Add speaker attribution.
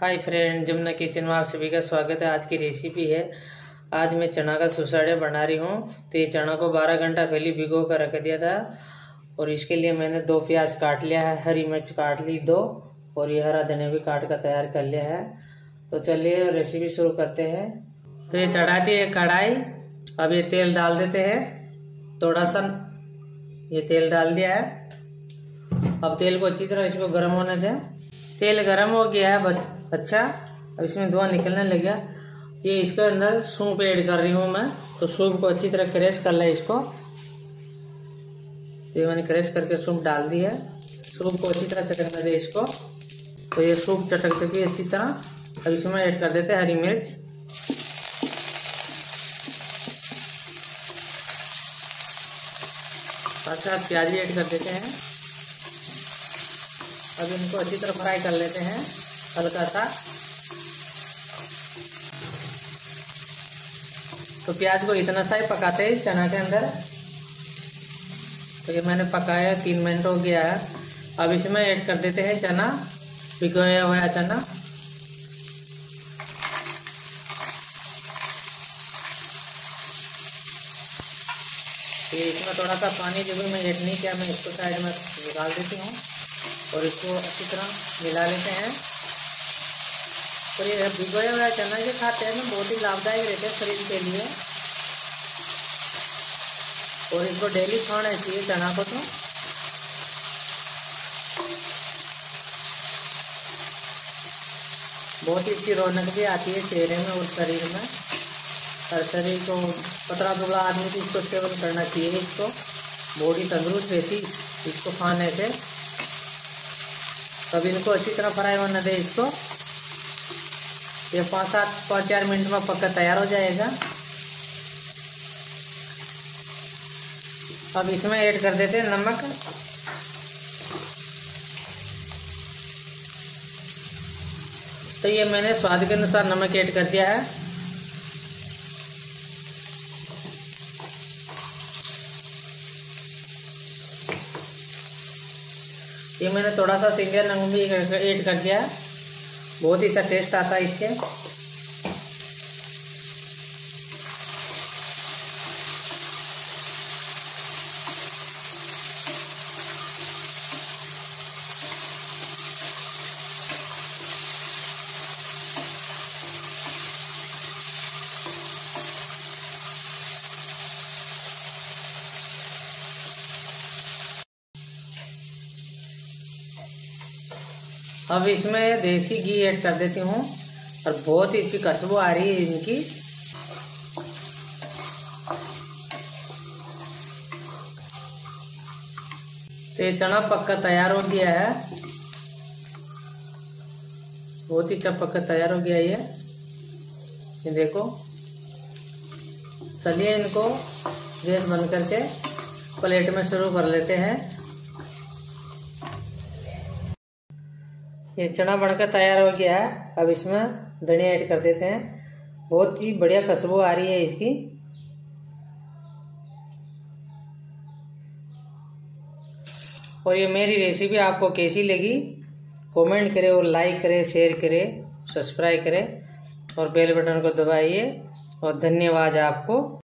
Speaker 1: हाय friend Jamuna kitchen में आप सभी का स्वागत है आज की रेसिपी है आज मैं चना का सुसाड़े बना रही हूँ तो ये चना को 12 घंटा पहले भिगो कर रख दिया था और इसके लिए मैंने दो प्याज काट लिया है हरी मिर्च काट ली दो और ये हरा धनिया भी काट कर तैयार कर लिया है तो चलिए रेसिपी शुरू करते हैं तो ये चढ़ाती है कढ़ाई अब ये तेल डाल देते हैं थोड़ा सा ये तेल डाल दिया है अब तेल को अच्छी तरह इसको गर्म होने दें तेल गर्म हो गया है अच्छा अब इसमें धुआं निकलने लग गया ये इसके अंदर सूप ऐड कर रही हूँ मैं तो सूप को अच्छी तरह क्रेश कर लें इसको ये मैंने क्रेश करके सूप डाल दी है सूप को अच्छी तरह चटकने दे इसको तो ये सूप चटक चुकी है इसी तरह अब इसमें ऐड कर देते हरी मिर्च अच्छा प्याजी प्याज ऐड कर देते हैं अब इनको अच्छी तरह फ्राई कर लेते हैं हल्का सा तो प्याज को इतना सा ही पकाते हैं चना के अंदर तो ये मैंने पकाया तीन मिनट हो गया है अब इसमें ऐड कर देते हैं चना भिगोया हुआ चना ये इसमें थोड़ा सा पानी जो भी मैं ऐड नहीं किया मैं इसको साइड में निकाल देती हूँ और इसको अच्छी तरह मिला लेते हैं और ये भिगोया हुआ चना जो खाते हैं ना बहुत ही लाभदायक रहते हैं शरीर के लिए और इसको डेली खाना चाहिए चना को तो बहुत ही अच्छी रौनक भी आती है चेहरे में और शरीर में हर शरीर को पतला दुबला आदमी को इसको सेवन करना चाहिए इसको बॉडी तंदुरुस्त रहती इसको खाने से तब इनको अच्छी तरह फ्राई होने दे इसको ये पाँच सात पाँच चार मिनट में पक्का तैयार हो जाएगा अब इसमें ऐड कर देते हैं नमक तो ये मैंने स्वाद के अनुसार नमक ऐड कर दिया है ये मैंने थोड़ा सा सिंगल भी ऐड कर दिया बहुत ही अच्छा टेस्ट आता है इसके अब इसमें देसी घी ऐड कर देती हूँ और बहुत ही इसकी खुशबू आ रही है इनकी तो ये चना पक्का तैयार हो गया है बहुत ही चप अच्छा पक्का तैयार हो गया ये ये देखो चलिए इनको गैस बंद करके प्लेट में शुरू कर लेते हैं ये चना बनकर तैयार हो गया है अब इसमें धनिया ऐड कर देते हैं बहुत ही बढ़िया खुशबू आ रही है इसकी और ये मेरी रेसिपी आपको कैसी लगी कमेंट करें और लाइक करें शेयर करें सब्सक्राइब करें और बेल बटन को दबाइए और धन्यवाद आपको